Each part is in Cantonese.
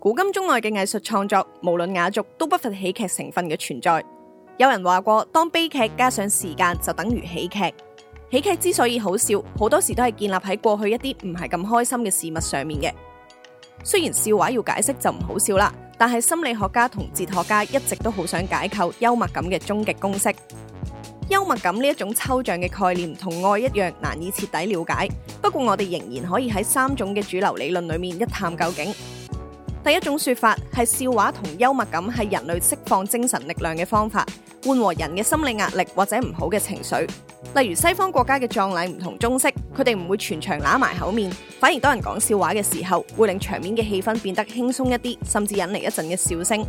古今中外嘅藝術創作，無論雅俗，都不乏喜劇成分嘅存在。有人話過，當悲劇加上時間，就等於喜劇。喜劇之所以好笑，好多時都係建立喺過去一啲唔係咁開心嘅事物上面嘅。雖然笑話要解釋就唔好笑啦，但係心理學家同哲學家一直都好想解構幽默感嘅終極公式。幽默感呢一種抽象嘅概念，同愛一樣，難以徹底了解。不過我哋仍然可以喺三種嘅主流理論裏面一探究竟。第一種說法係笑話同幽默感係人類釋放精神力量嘅方法，緩和人嘅心理壓力或者唔好嘅情緒。例如西方國家嘅葬禮唔同中式，佢哋唔會全場揦埋口面，反而當人講笑話嘅時候，會令場面嘅氣氛變得輕鬆一啲，甚至引嚟一陣嘅笑聲。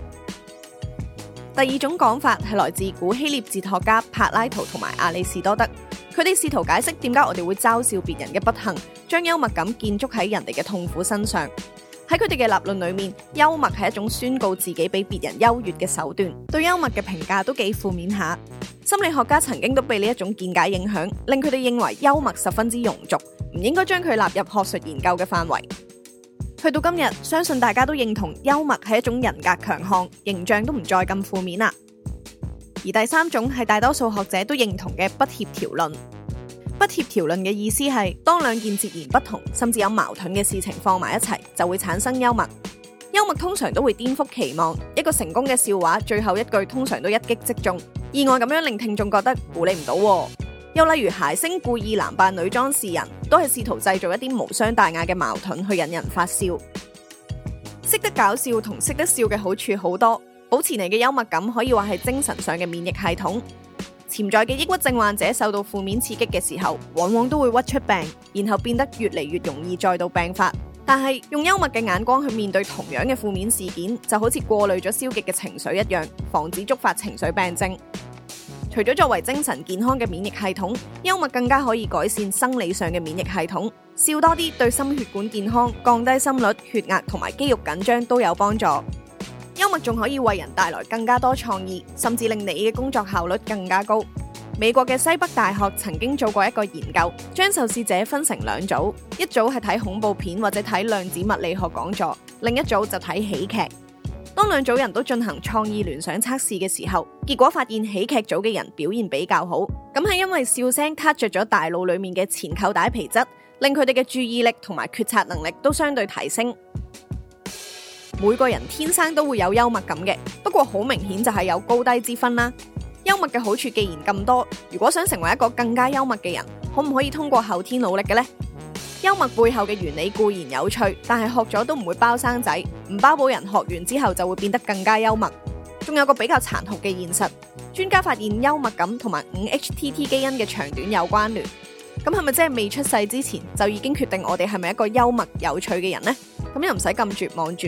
第二種講法係來自古希臘哲學家柏拉圖同埋亞里士多德，佢哋試圖解釋點解我哋會嘲笑別人嘅不幸，將幽默感建築喺人哋嘅痛苦身上。喺佢哋嘅立論裏面，幽默係一種宣告自己比別人優越嘅手段，對幽默嘅評價都幾負面下。心理學家曾經都被呢一種見解影響，令佢哋認為幽默十分之庸俗，唔應該將佢納入學術研究嘅範圍。去到今日，相信大家都認同幽默係一種人格強項，形象都唔再咁負面啦。而第三種係大多數學者都認同嘅不協調論。不協調論嘅意思係，當兩件截然不同，甚至有矛盾嘅事情放埋一齊，就會產生幽默。幽默通常都會顛覆期望。一個成功嘅笑話，最後一句通常都一擊即中，意外咁樣令聽眾覺得估你唔到。又例如諧星故意男扮女裝示人，都係試圖製造一啲無傷大雅嘅矛盾去引人發笑。識得搞笑同識得笑嘅好處好多，保持你嘅幽默感可以話係精神上嘅免疫系統。潛在嘅抑鬱症患者受到負面刺激嘅時候，往往都會屈出病，然後變得越嚟越容易再度病發。但係用幽默嘅眼光去面對同樣嘅負面事件，就好似過濾咗消極嘅情緒一樣，防止觸發情緒病症。除咗作為精神健康嘅免疫系統，幽默更加可以改善生理上嘅免疫系統。笑多啲對心血管健康、降低心率、血壓同埋肌肉緊張都有幫助。幽默仲可以為人帶來更加多創意，甚至令你嘅工作效率更加高。美國嘅西北大學曾經做過一個研究，將受試者分成兩組，一組係睇恐怖片或者睇量子物理學講座，另一組就睇喜劇。當兩組人都進行創意聯想測試嘅時候，結果發現喜劇組嘅人表現比較好。咁係因為笑聲卡着咗大腦裏面嘅前扣帶皮質，令佢哋嘅注意力同埋決策能力都相對提升。每個人天生都會有幽默感嘅，不過好明顯就係有高低之分啦。幽默嘅好處既然咁多，如果想成為一個更加幽默嘅人，可唔可以通過後天努力嘅呢？幽默背後嘅原理固然有趣，但係學咗都唔會包生仔，唔包保人，學完之後就會變得更加幽默。仲有個比較殘酷嘅現實，專家發現幽默感同埋 5-HTT 基因嘅長短有關聯。咁係咪即係未出世之前就已經決定我哋係咪一個幽默有趣嘅人呢？咁又唔使咁絕望住。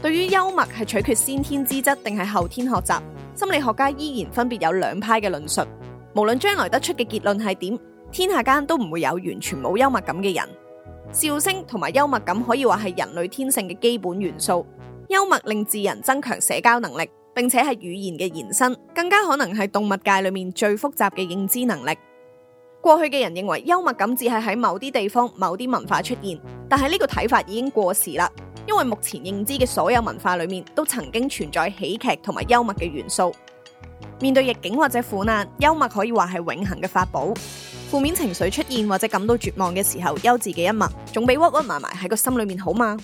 對於幽默係取決先天資質定係後天學習，心理學家依然分別有兩派嘅論述。無論將來得出嘅結論係點，天下間都唔會有完全冇幽默感嘅人。笑聲同埋幽默感可以話係人類天性嘅基本元素。幽默令智人增強社交能力，並且係語言嘅延伸，更加可能係動物界裏面最複雜嘅認知能力。過去嘅人認為幽默感只係喺某啲地方、某啲文化出現，但係呢個睇法已經過時啦。因為目前認知嘅所有文化裏面，都曾經存在喜劇同埋幽默嘅元素。面對逆境或者苦難，幽默可以話係永恆嘅法寶。負面情緒出現或者感到絕望嘅時候，幽自己一默，仲比屈屈埋埋喺個心裏面好嘛？